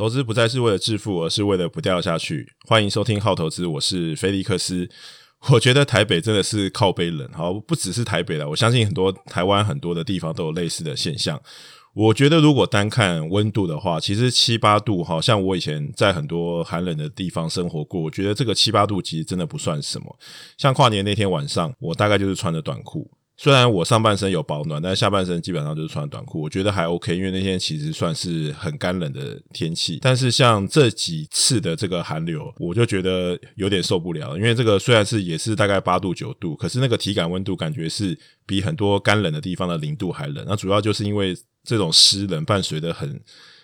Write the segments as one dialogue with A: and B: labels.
A: 投資不再是為了致富，而是為了不掉下去。歡迎收聽好投資，我是菲力克斯。我覺得台北真的是靠北冷，好，不只是台北啦。我相信很多台灣很多的地方都有類似的現象。我覺得如果單看溫度的話，其實七八度，好像我以前在很多寒冷的地方生活過，我覺得這個七八度其實真的不算什麼。像跨年那天晚上，我大概就是穿着短褲。雖然我上半身有保暖，但下半身基本上就是穿短褲，我覺得還 OK。因為那天其實算是很乾冷的天氣，但是像這幾次的這個寒流，我就覺得有點受不了。因為這個雖然是也是大概八度九度，可是那個體感溫度感覺是比很多乾冷的地方的零度還冷。那主要就是因為這種濕冷伴隨的很。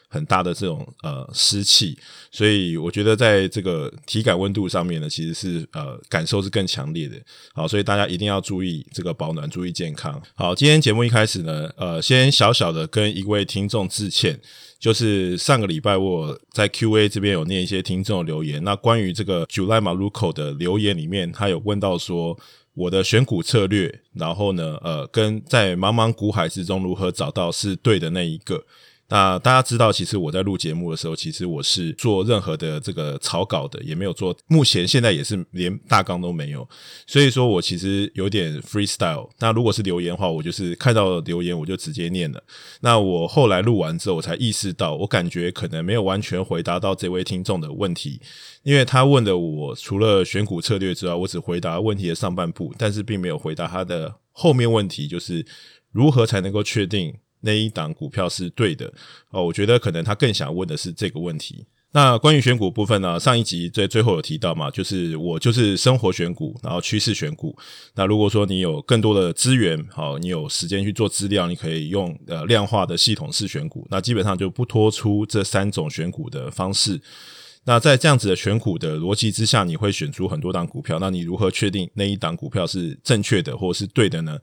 A: 很大的這種呃濕氣，所以我覺得在這個體感溫度上面呢，其實是呃感受是更強烈的。好，所以大家一定要注意這個保暖，注意健康。好，今天節目一開始呢，呃，先小小的跟一位聽眾致歉，就是上個禮拜我在 Q&A 這邊有念一些聽眾留言，那關於這個 Julie Maluco 的留言裡面，他有問到說我的選股策略，然後呢，呃，跟在茫茫股海之中如何找到是對的那一個。那大家知道，其實我在錄節目的時候，其實我是做任何的這個草稿的，也沒有做。目前現在也是連大綱都沒有，所以說我其實有點 freestyle。那如果是留言的話，我就是看到留言我就直接念了。那我後來錄完之後，我才意識到，我感覺可能沒有完全回答到這位聽眾的問題，因為他問的我除了選股策略之外，我只回答問題的上半部，但是並沒有回答他的後面問題，就是如何才能夠確定。那一檔股票是對的哦，我覺得可能他更想問的是這個問題。那關於選股部分呢，上一集最最後有提到嘛，就是我就是生活選股，然後趨勢選股。那如果說你有更多的資源，好，你有時間去做資料，你可以用呃量化的系統式選股。那基本上就不脫出這三種選股的方式。那在這樣子的選股的邏輯之下，你會選出很多檔股票。那你如何確定那一檔股票是正確的或是對的呢？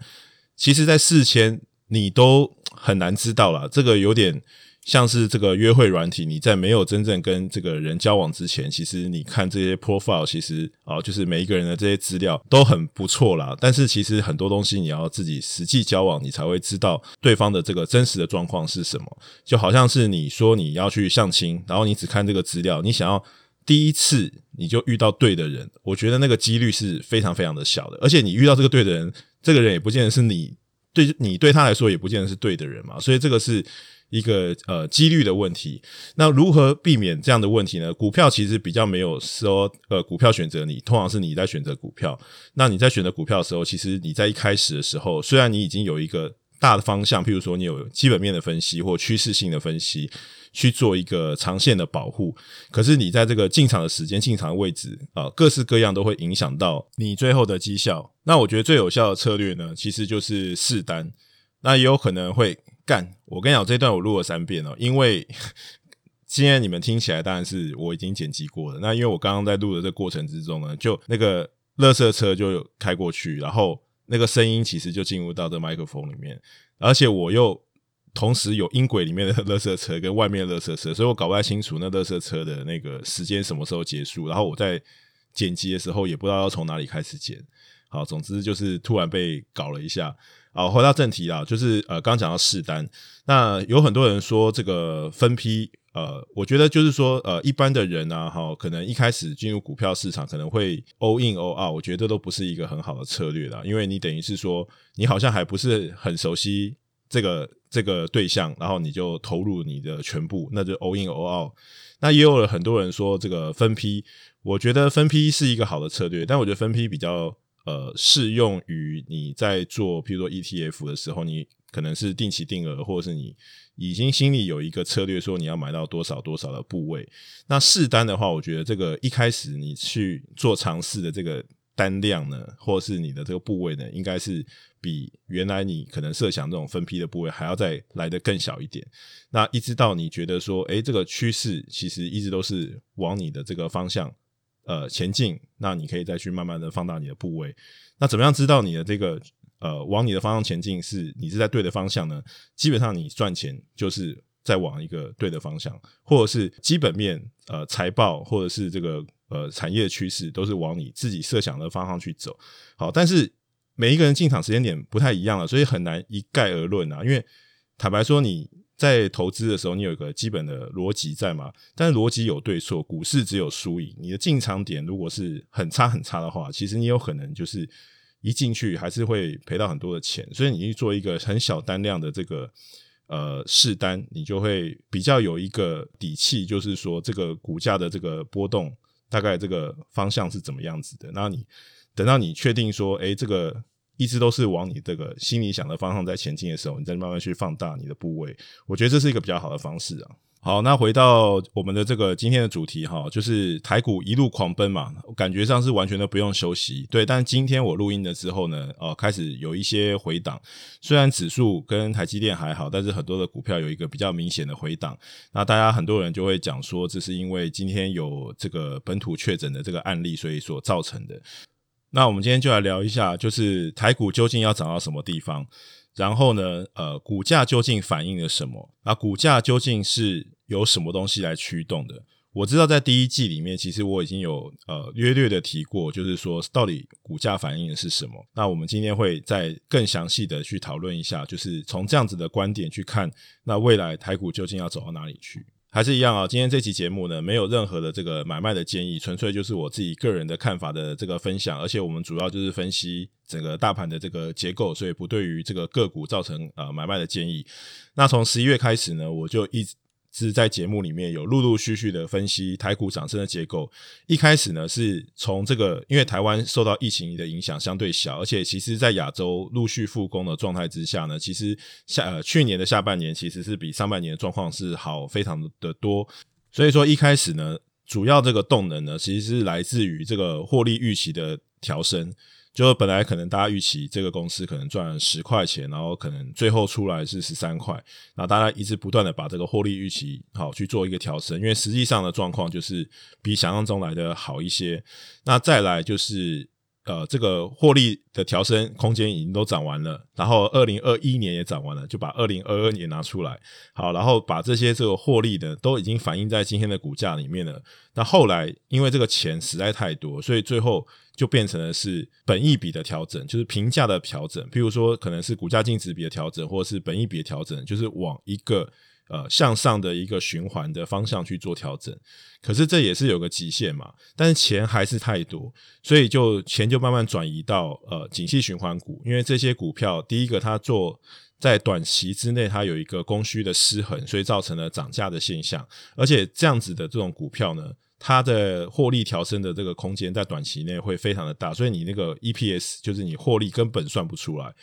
A: 其實，在四千，你都很難知道啦，這個有點像是這個約會軟體。你在沒有真正跟這個人交往之前，其實你看這些 profile，其實啊，就是每一個人的這些資料都很不錯啦。但是其實很多東西你要自己實際交往，你才會知道對方的這個真實的狀況是什麼。就好像是你說你要去相親，然後你只看這個資料，你想要第一次你就遇到對的人，我覺得那個幾率是非常非常的小的。而且你遇到這個對的人，這個人也不見得是你。對你對他來說也不見得是對的人嘛，所以這個是一個呃幾率的問題。那如何避免這樣的問題呢？股票其實比較沒有說，so，呃，股票選擇你通常是你在選擇股票。那你在選擇股票的時候，其實你在一開始的時候，雖然你已經有一個大的方向，譬如說你有基本面的分析或趨勢性的分析。去做一個長線的保護，可是你在這個進場的時間、進場的位置啊，各式各樣都會影響到你最後的績效。那我覺得最有效的策略呢，其實就是試單。那也有可能會干。我跟你講，這段我錄了三遍了哦，因為現在你們聽起來當然是我已經剪輯過了。那因為我剛剛在錄的這個過程之中呢，就那個垃圾車就開過去，然後那個聲音其實就進入到這麥克風裡面，而且我又。同時有音軌裡面的垃圾車跟外面的垃圾車，所以我搞不太清楚那垃圾車的那個時間什麼時候結束。然後我在剪輯的時候也不知道要從哪裡開始剪。好，總之就是突然被搞了一下。好，回到正題啦，就是呃，剛講到試單，那有很多人說這個分批，呃，我覺得就是說呃，一般的人啊，哈，可能一開始進入股票市場可能會 all in all out，我覺得都不是一個很好的策略啦，因為你等於是說你好像還不是很熟悉。這個這個對象，然後你就投入你的全部，那就 all in all out。那也有了很多人說這個分批，我覺得分批是一個好的策略，但我覺得分批比較呃適用於你在做，譬如說 ETF 的時候，你可能是定期定額，或者是你已經心裡有一個策略，說你要買到多少多少的部位。那試單的話，我覺得這個一開始你去做嘗試的這個。單量呢，或者是你的這個部位呢，應該是比原來你可能設想這種分批的部位還要再來得更小一點。那一直到你覺得說，哎，這個趨勢其實一直都是往你的這個方向呃前進，那你可以再去慢慢的放大你的部位。那怎麼樣知道你的這個呃往你的方向前進是你是在對的方向呢？基本上你賺錢就是在往一個對的方向，或者是基本面呃財報或者是這個。呃，產業趨勢都是往你自己設想的方向去走，好，但是每一個人進場時間點不太一樣了，所以很難一概而論啊。因為坦白說，你在投資的時候，你有一個基本的邏輯在嘛？但是邏輯有對錯，股市只有輸贏。你的進場點如果是很差很差的話，其實你有可能就是一進去還是會賠到很多的錢。所以你去做一個很小單量的這個呃試單，你就會比較有一個底氣，就是說這個股價的這個波動，大概這個方向是怎麼樣子的？那你等到你確定說，哎，這個。一直都是往你這個心裡想的方向在前進的時候，你再慢慢去放大你的部位，我覺得這是一個比較好的方式啊。好，那回到我們的這個今天的主題哈，就是台股一路狂奔嘛，感覺上是完全都不用休息。對，但今天我錄音了之後呢，哦、呃，開始有一些回檔。雖然指數跟台積電還好，但是很多的股票有一個比較明顯的回檔。那大家很多人就會講說，這是因為今天有這個本土確診的這個案例，所以所造成的。那我們今天就來聊一下，就是台股究竟要漲到什麼地方？然後呢，呃，股價究竟反映了什麼？啊，股價究竟是由什麼東西來驅動的？我知道在第一季裡面，其實我已經有呃略略的提過，就是說到底股價反映的是什麼？那我們今天會再更詳細的去討論一下，就是從這樣子的觀點去看，那未來台股究竟要走到哪裡去？還是一樣啊，今天這期節目呢，沒有任何的這個買賣的建議，純粹就是我自己個人的看法的這個分享，而且我們主要就是分析整個大盤的這個結構，所以不對於這個個股造成呃買賣的建議。那從十一月開始呢，我就一直。是在節目裡面有陸陸續續的分析台股漲升的結構。一開始呢，是從這個，因為台灣受到疫情的影響相對小，而且其實在亞洲陸續復工的狀態之下呢，其實下呃去年的下半年其實是比上半年的狀況是好非常的多。所以說一開始呢，主要這個動能呢，其實是來自於這個獲利預期的調升，就本來可能大家預期這個公司可能賺十塊錢，然後可能最後出來是十三塊，那大家一直不斷的把這個獲利預期好去做一個調升，因為實際上的狀況就是比想象中來的好一些。那再來就是，呃，這個獲利的調升空間已經都漲完了，然後二零二一年也漲完了，就把二零二二年也拿出來，好，然後把這些這個獲利的都已經反映在今天的股價裡面了。那後來因為這個錢實在太多，所以最後，就變成了是本益比的調整，就是評價的調整，比如說可能是股價淨值比的調整，或者是本益比的調整，就是往一個呃向上的一個循環的方向去做調整。可是這也是有個極限嘛，但是錢還是太多，所以就錢就慢慢轉移到呃景氣循環股，因為這些股票第一個它做在短期之內它有一個供需的失衡，所以造成了漲價的現象，而且這樣子的這種股票呢。它的獲利調升的這個空間在短期內會非常的大，所以你那個 EPS 就是你獲利根本算不出來，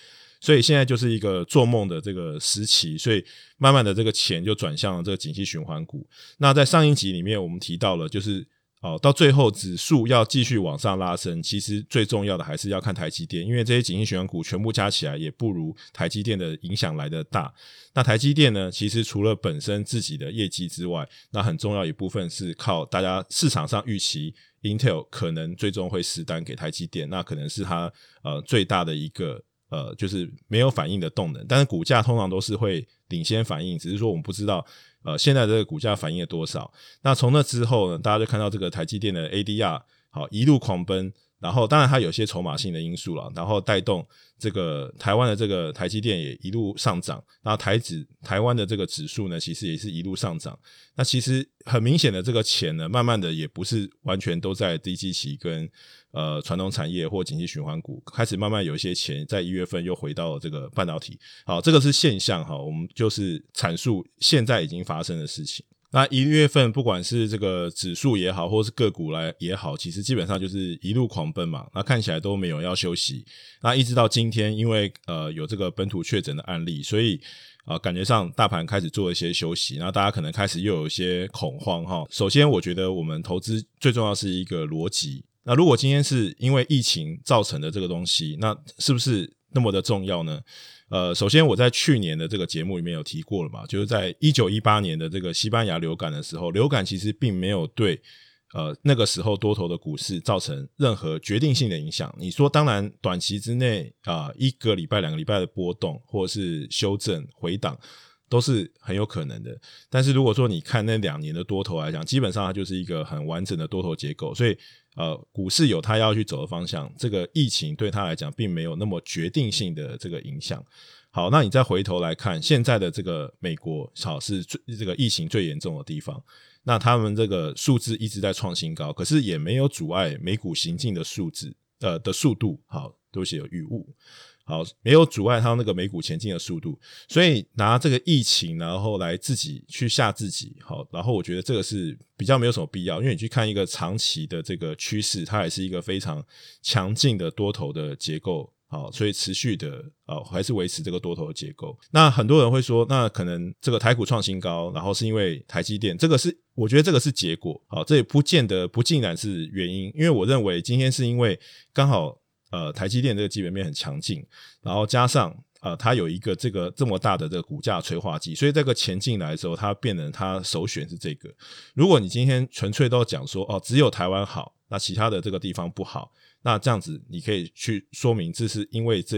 A: 所以現在就是一個做夢的這個時期，所以慢慢的這個錢就轉向了這個景氣循環股。那在上一集裡面我們提到了，就是。哦，到最後指數要繼續往上拉升，其實最重要的還是要看台積電，因為這些景氣循環股全部加起來也不如台積電的影響來得大。那台積電呢，其實除了本身自己的業績之外，那很重要一部分是靠大家市場上預期，Intel 可能最終會釋單給台積電，那可能是它呃最大的一個。呃，就是沒有反應的動能，但是股價通常都是會領先反應，只是說我們不知道，呃，現在這個股價反應了多少。那從那之後呢，大家就看到這個台積電的 ADR 好一路狂奔，然後當然它有些籌碼性的因素了，然後帶動這個台灣的這個台積電也一路上漲，那台指台灣的這個指數呢，其實也是一路上漲。那其實很明顯的，這個錢呢，慢慢的也不是完全都在低基期跟。呃，傳統產業或景氣循環股開始慢慢有一些錢，在一月份又回到了這個半導體。好，這個是現象哈。我們就是闡述現在已經發生的事情。那一月份，不管是這個指數也好，或是個股來也好，其實基本上就是一路狂奔嘛。那看起來都沒有要休息。那一直到今天，因為呃有這個本土確診的案例，所以啊，呃，感覺上大盤開始做一些休息。那大家可能開始又有一些恐慌哈。首先，我覺得我們投資最重要是一個邏輯。那如果今天是因為疫情造成的這個東西，那是不是那麼的重要呢？呃，首先我在去年的這個節目裡面有提過了嘛，就是在一九一八年的這個西班牙流感的時候，流感其實並沒有對呃那個時候多頭的股市造成任何決定性的影響。你說，當然短期之內啊，呃，一個禮拜、兩個禮拜的波動或者是修正回檔。都是很有可能的，但是如果說你看那兩年的多頭來講，基本上它就是一個很完整的多頭結構，所以呃，股市有它要去走的方向，這個疫情對它來講並沒有那麼決定性的這個影響。好，那你再回頭來看現在的這個美國，好是最這個疫情最嚴重的地方，那他們這個數字一直在創新高，可是也沒有阻礙美股行進的數字呃的速度，好都是有預物。好，沒有阻礙它那個美股前進的速度，所以拿這個疫情然後來自己去嚇自己，好，然後我覺得這個是比較沒有什麼必要，因為你去看一個長期的這個趨勢，它還是一個非常強勁的多頭的結構，好，所以持續的啊、哦、還是維持這個多頭的結構。那很多人會說，那可能這個台股創新高，然後是因為台積電，這個是我覺得這個是結果，好，這也不見得不盡然是原因，因為我認為今天是因為剛好。呃，台積電這個基本面很強勁，然後加上呃，它有一個這個這麼大的這個股價催化劑，所以這個錢進來的時候，它變成它首選是這個。如果你今天純粹都講說哦，只有台灣好，那其他的這個地方不好，那這樣子你可以去說明，這是因為這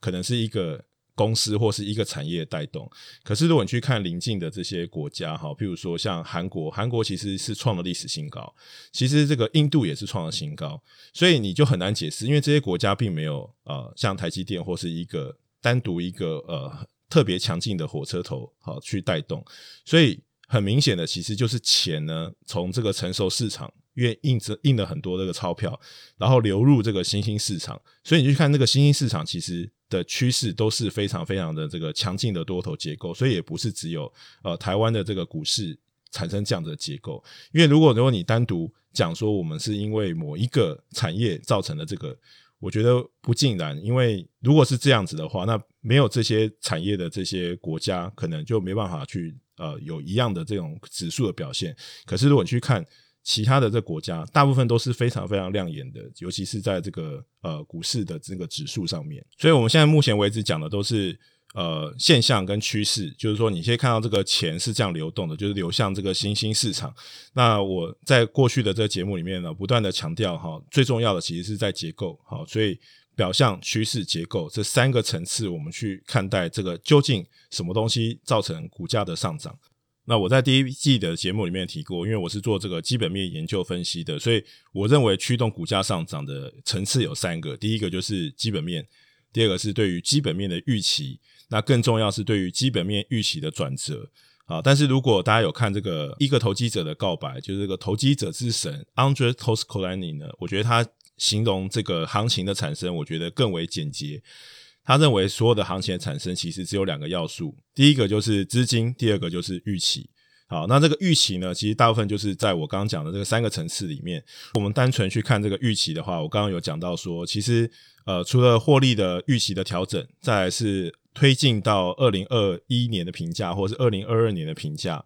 A: 可能是一個。公司或是一個產業帶動，可是如果你去看鄰近的這些國家哈，譬如說像韓國，韓國其實是創了歷史新高，其實這個印度也是創了新高，所以你就很難解釋，因為這些國家並沒有呃像台積電或是一個單獨一個呃特別強勁的火車頭好去帶動，所以很明顯的其實就是錢呢從這個成熟市場，因為印著印了很多這個鈔票，然後流入這個新興市場，所以你去看這個新興市場，其實的趨勢都是非常非常的這個強勁的多頭結構。所以也不是只有呃台灣的這個股市產生這樣子的結構。因為如果如果你單獨講說我們是因為某一個產業造成了這個，我覺得不盡然。因為如果是這樣子的話，那沒有這些產業的這些國家，可能就沒辦法去呃有一樣的這種指數的表現。可是如果你去看，其他的這國家大部分都是非常非常亮眼的，尤其是在這個呃股市的這個指數上面。所以，我們現在目前為止講的都是呃現象跟趨勢，就是說你可以看到這個錢是這樣流動的，就是流向這個新興市場。那我在過去的這個節目裡面呢，不斷的強調哈，最重要的其實是在結構。好，所以表象、趨勢、結構這三個層次，我們去看待這個究竟什麼東西造成股價的上漲。那我在第一季的節目裡面提過，因為我是做這個基本面研究分析的，所以我認為驅動股價上漲的層次有三個，第一個就是基本面，第二個是對於基本面的預期，那更重要是對於基本面預期的轉折啊。好，但是如果大家有看這個《一個投機者的告白》，就是這個投機者之神 André Kostolany 呢，我覺得他形容這個行情的產生，我覺得更為簡潔。他認為所有的行情的產生其實只有兩個要素，第一個就是資金，第二個就是預期。好，那這個預期呢，其實大部分就是在我剛剛講的這個三個層次裡面，我們單純去看這個預期的話，我剛剛有講到說，其實呃，除了獲利的預期的調整，再來是推進到二零二一年的評價，或是二零二二年的評價，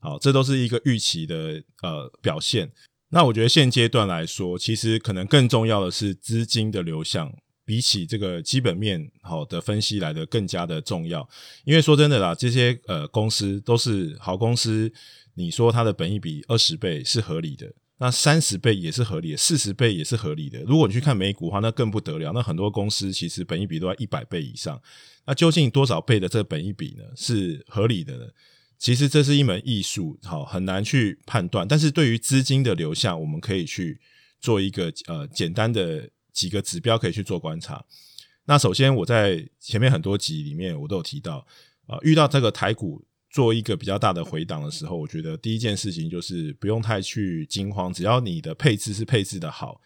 A: 好，這都是一個預期的呃表現。那我覺得現階段來說，其實可能更重要的是資金的流向。比起這個基本面好的分析來的更加的重要，因為說真的啦，這些呃公司都是好公司，你說它的本益比二十倍是合理的，那三十倍也是合理的，四十倍也是合理的。如果你去看美股的話，那更不得了，那很多公司其實本益比都在一百倍以上。那究竟多少倍的這個本益比呢是合理的呢？其實這是一門藝術，好，很難去判斷。但是對於資金的流向，我們可以去做一個呃簡單的。幾個指標可以去做觀察。那首先，我在前面很多集裡面我都有提到，啊、呃，遇到這個台股做一個比較大的回檔的時候，我覺得第一件事情就是不用太去驚慌。只要你的配置是配置的好，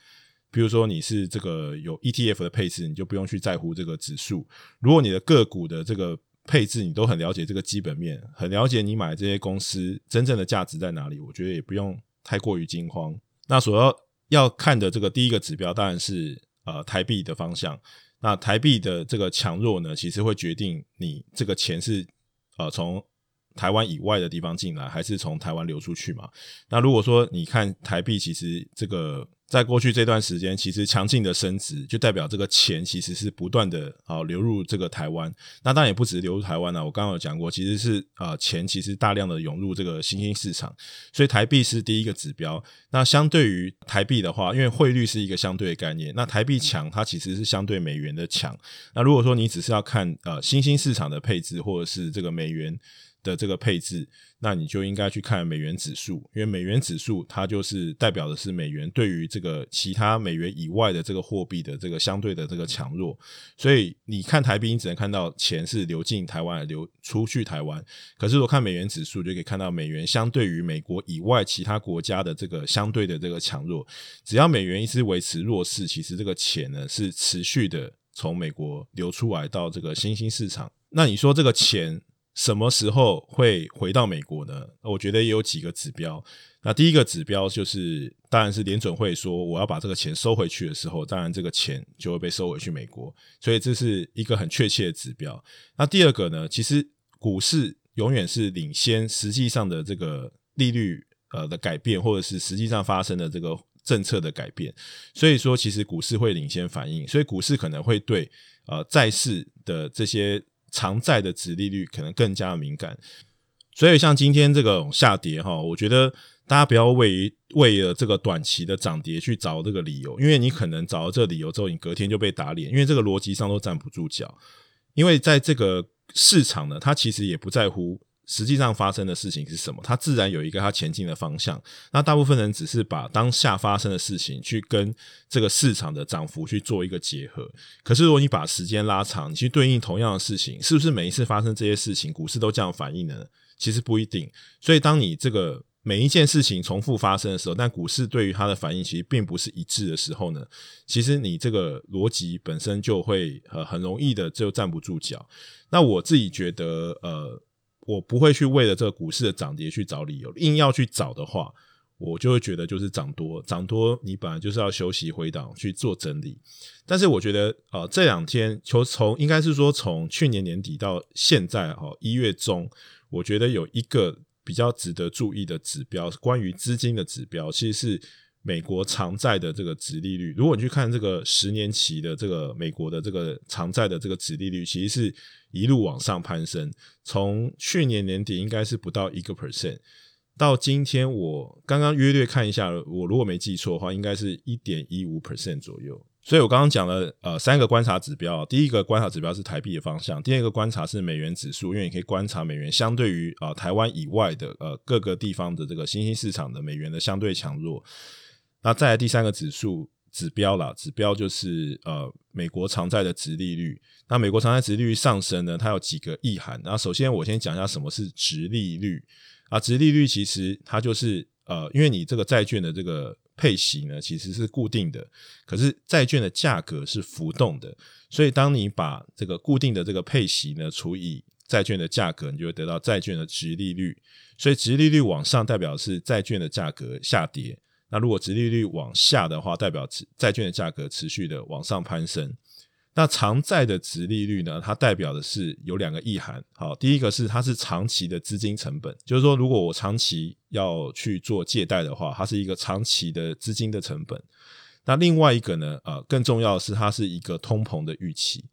A: 比如說你是這個有 ETF 的配置，你就不用去在乎這個指數。如果你的個股的這個配置你都很了解這個基本面，很了解你買這些公司真正的價值在哪裡，我覺得也不用太過於驚慌。那所要要看的這個第一個指標，當然是呃台幣的方向。那台幣的這個強弱呢，其實會決定你這個錢是呃從台灣以外的地方進來，還是從台灣流出去嘛。那如果說你看台幣，其實這個。在過去這段時間，其實強勁的升值就代表這個錢其實是不斷的啊流入這個台灣。那當然也不止流入台灣啦，我剛剛有講過，其實是呃錢其實大量的湧入這個新興市場，所以台幣是第一個指標。那相對於台幣的話，因為匯率是一個相對的概念，那台幣強它其實是相對美元的強。那如果說你只是要看呃新興市場的配置或者是這個美元。的這個配置，那你就應該去看美元指數，因為美元指數它就是代表的是美元對於這個其他美元以外的這個貨幣的這個相對的這個強弱。所以你看台幣，你只能看到錢是流進台灣、流出去台灣。可是我看美元指數，就可以看到美元相對於美國以外其他國家的這個相對的這個強弱。只要美元一直維持弱勢，其實這個錢呢是持續的從美國流出來到這個新興市場。那你說這個錢，什麼時候會回到美國呢？我覺得也有幾個指標。那第一個指標就是，當然是聯準會說我要把這個錢收回去的時候，當然這個錢就會被收回去美國，所以這是一個很確切的指標。那第二個呢？其實股市永遠是領先實際上的這個利率呃的改變，或者是實際上發生的這個政策的改變。所以說，其實股市會領先反應，所以股市可能會對呃債市的這些。長債的殖利率可能更加敏感，所以像今天這個下跌哈，我覺得大家不要為為了這個短期的漲跌去找這個理由，因為你可能找到這理由之後，你隔天就被打臉，因為這個邏輯上都站不住腳。因為在這個市場呢，它其實也不在乎。實際上發生的事情是什麼？它自然有一個它前進的方向。那大部分人只是把當下發生的事情去跟這個市場的漲幅去做一個結合。可是，如果你把時間拉長，你去對應同樣的事情，是不是每一次發生這些事情，股市都這樣反應呢？其實不一定。所以，當你這個每一件事情重複發生的時候，但股市對於它的反應其實並不是一致的時候呢，其實你這個邏輯本身就會呃很容易的就站不住腳。那我自己覺得，呃。我不會去為了這個股市的漲跌去找理由，硬要去找的話，我就會覺得就是漲多，漲多你本來就是要休息回檔去做整理。但是我覺得，呃，這兩天，求從應該是說從去年年底到現在，哈、哦，一月中，我覺得有一個比較值得注意的指標，關於資金的指標，其實是。美國長債的這個殖利率，如果你去看這個十年期的這個美國的這個長債的這個殖利率，其實是一路往上攀升。從去年年底應該是不到一個 percent，到今天我剛剛約略看一下，我如果沒記錯的話，應該是一點一五 percent 左右。所以我剛剛講了呃三個觀察指標，第一個觀察指標是台幣的方向，第二個觀察是美元指數，因為你可以觀察美元相對於啊、呃、台灣以外的呃各個地方的這個新興市場的美元的相對強弱。那再來第三個指數指標啦，指標就是呃美國長債的殖利率。那美國長債殖利率上升呢，它有幾個意涵。那首先我先講一下什麼是殖利率啊，殖利率其實它就是呃，因為你這個債券的這個配息呢其實是固定的，可是債券的價格是浮動的，所以當你把這個固定的這個配息呢除以債券的價格，你就會得到債券的殖利率。所以殖利率往上代表是債券的價格下跌。那如果殖利率往下的話，代表債債券的價格持續的往上攀升。那長債的殖利率呢？它代表的是有兩個意涵。好，第一個是它是長期的資金成本，就是說如果我長期要去做借貸的話，它是一個長期的資金的成本。那另外一個呢？呃，更重要的是它是一個通膨的預期。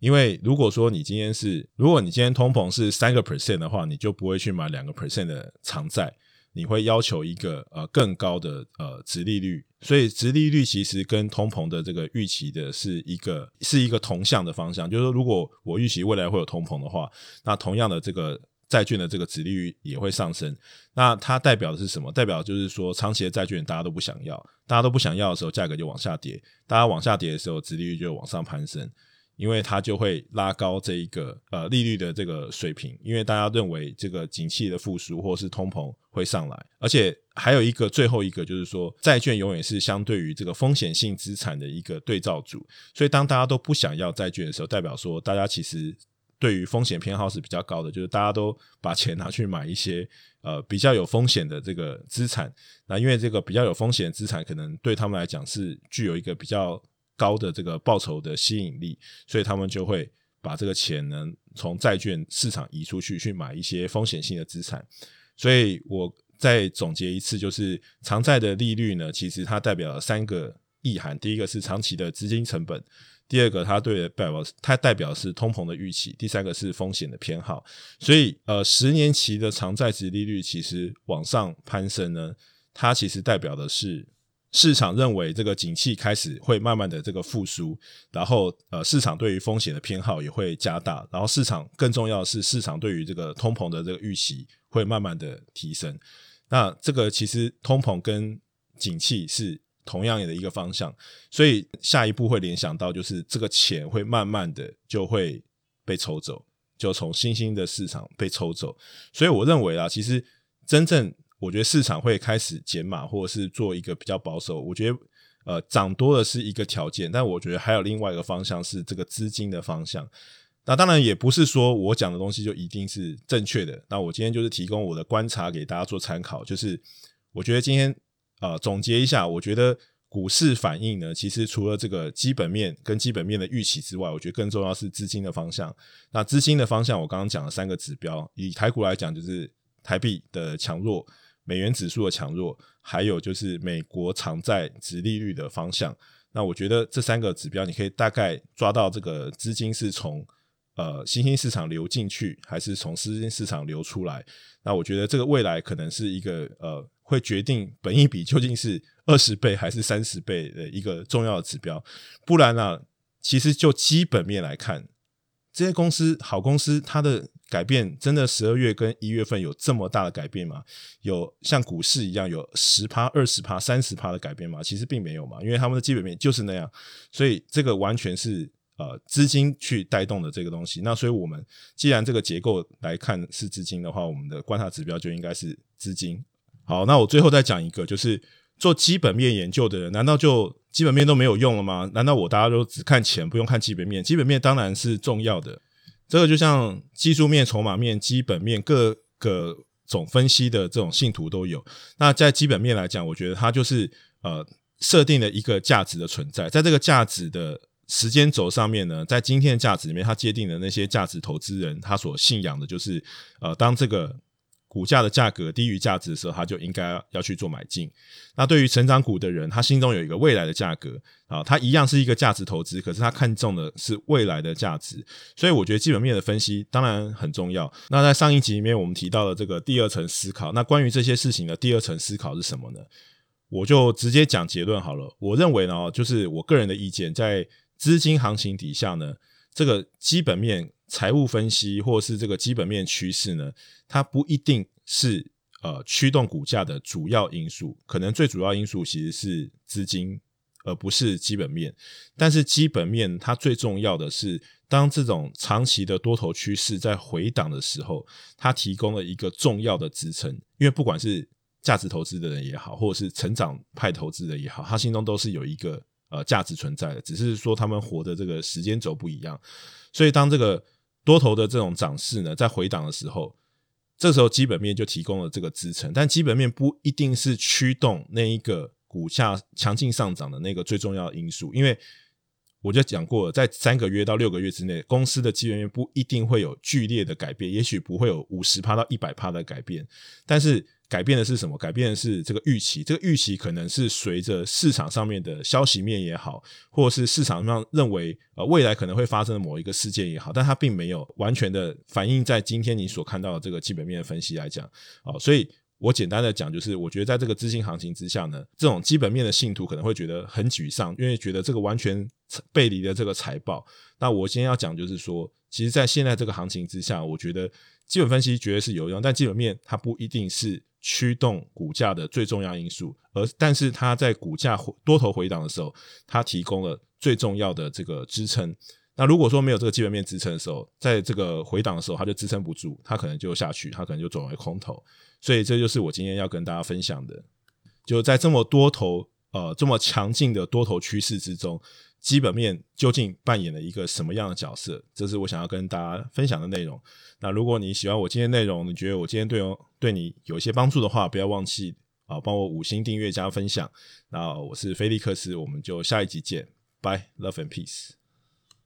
A: 因為如果說你今天是，如果你今天通膨是三個 percent 的話，你就不會去買兩個 percent 的長債。你會要求一個呃更高的呃殖利率，所以殖利率其實跟通膨的這個預期的是一個是一個同向的方向，就是說如果我預期未來會有通膨的話，那同樣的這個債券的這個殖利率也會上升。那它代表的是什麼？代表就是說長期的債券大家都不想要，大家都不想要的時候，價格就往下跌，大家往下跌的時候，殖利率就往上攀升，因為它就會拉高這一個呃利率的這個水平，因為大家認為這個景氣的復甦或是通膨會上來，而且還有一個最後一個，就是說債券永遠是相對於這個風險性資產的一個對照組。所以，當大家都不想要債券的時候，代表說大家其實對於風險偏好是比較高的，就是大家都把錢拿去買一些呃比較有風險的這個資產。那因為這個比較有風險的資產，可能對他們來講是具有一個比較高的這個報酬的吸引力，所以他們就會把這個錢呢從債券市場移出去，去買一些風險性的資產。所以我再總結一次，就是長債的利率呢，其實它代表了三個意涵：第一個是長期的資金成本；第二個它對代表它代表是通膨的預期；第三個是風險的偏好。所以，呃，十年期的長債殖利率其實往上攀升呢，它其實代表的是。市場認為這個景氣開始會慢慢的這個復甦，然後呃市場對於風險的偏好也會加大，然後市場更重要的是市場對於這個通膨的這個預期會慢慢的提升。那這個其實通膨跟景氣是同樣的一個方向，所以下一步會聯想到就是這個錢會慢慢的就會被抽走，就從新興的市場被抽走。所以我認為啊，其實真正。我覺得市場會開始減碼，或者是做一個比較保守。我覺得，呃，漲多的是一個條件，但我覺得還有另外一個方向，是這個資金的方向。那當然也不是說我講的東西就一定是正確的。那我今天就是提供我的觀察給大家做參考。就是我覺得今天，啊、呃，總結一下，我覺得股市反應呢，其實除了這個基本面跟基本面的預期之外，我覺得更重要是資金的方向。那資金的方向，我剛剛講了三個指標，以台股來講，就是台幣的強弱。美元指數的強弱，還有就是美國長債殖利率的方向，那我覺得這三個指標，你可以大概抓到這個資金是從呃新興市場流進去，還是從新興市場流出來。那我覺得這個未來可能是一個呃會決定本益比究竟是二十倍還是三十倍的一個重要的指標。不然呢、啊，其實就基本面來看。這些公司好公司，它的改變真的十二月跟一月份有這麼大的改變嗎？有像股市一樣有十趴、二十趴、三十趴的改變嗎？其實並沒有嘛，因為他們的基本面就是那樣，所以這個完全是呃資金去帶動的這個東西。那所以我們既然這個結構來看是資金的話，我們的觀察指標就應該是資金。好，那我最後再講一個，就是做基本面研究的人，難道就……基本面都沒有用了嗎？難道我大家都只看錢，不用看基本面？基本面當然是重要的。這個就像技術面、籌碼面、基本面各個總分析的這種信徒都有。那在基本面來講，我覺得它就是呃設定了一個價值的存在，在這個價值的時間軸上面呢，在今天的價值裡面，它界定的那些價值投資人，他所信仰的就是呃，當這個。股價的價格低於價值的時候，他就應該要去做買進。那對於成長股的人，他心中有一個未來的價格啊，他一樣是一個價值投資，可是他看重的是未來的價值。所以我覺得基本面的分析當然很重要。那在上一集裡面我們提到了這個第二層思考，那關於這些事情的第二層思考是什麼呢？我就直接講結論好了。我認為呢，就是我個人的意見，在資金行情底下呢，這個基本面。財務分析或是這個基本面趨勢呢，它不一定是呃驅動股價的主要因素，可能最主要因素其實是資金，而不是基本面。但是基本面它最重要的是，當這種長期的多頭趨勢在回檔的時候，它提供了一個重要的支撐。因為不管是價值投資的人也好，或者是成長派投資人也好，他心中都是有一個呃價值存在的，只是說他們活的這個時間軸不一樣。所以當這個多頭的這種漲勢呢，在回檔的時候，這時候基本面就提供了這個支撐，但基本面不一定是驅動那一個股價強勁上漲的那個最重要的因素，因為我就講過了，在三個月到六個月之內，公司的基本面不一定會有劇烈的改變，也許不會有五十趴到一百趴的改變，但是。改變的是什麼？改變的是這個預期。這個預期可能是隨着市場上面的消息面也好，或者是市場上認為呃未來可能會發生的某一個事件也好，但它並沒有完全的反映在今天你所看到的這個基本面的分析來講。哦，所以我簡單的講，就是我覺得在這個資金行情之下呢，這種基本面的信徒可能會覺得很沮喪，因為覺得這個完全背離了這個財報。那我今天要講就是說，其實，在現在這個行情之下，我覺得。基本分析絕對是有用，但基本面它不一定是驅動股價的最重要因素，而但是它在股價回多頭回檔的時候，它提供了最重要的這個支撐。那如果說沒有這個基本面支撐的時候，在這個回檔的時候，它就支撐不住，它可能就下去，它可能就轉為空頭。所以這就是我今天要跟大家分享的，就在這麼多頭，呃，這麼強勁的多頭趨勢之中。基本面究竟扮演了一個什麼樣的角色？這是我想要跟大家分享的內容。那如果你喜歡我今天的內容，你覺得我今天對，對你有一些幫助的話，不要忘記啊，幫我五星訂閱加分享。那我是菲力克斯，我們就下一集見，拜，love and peace。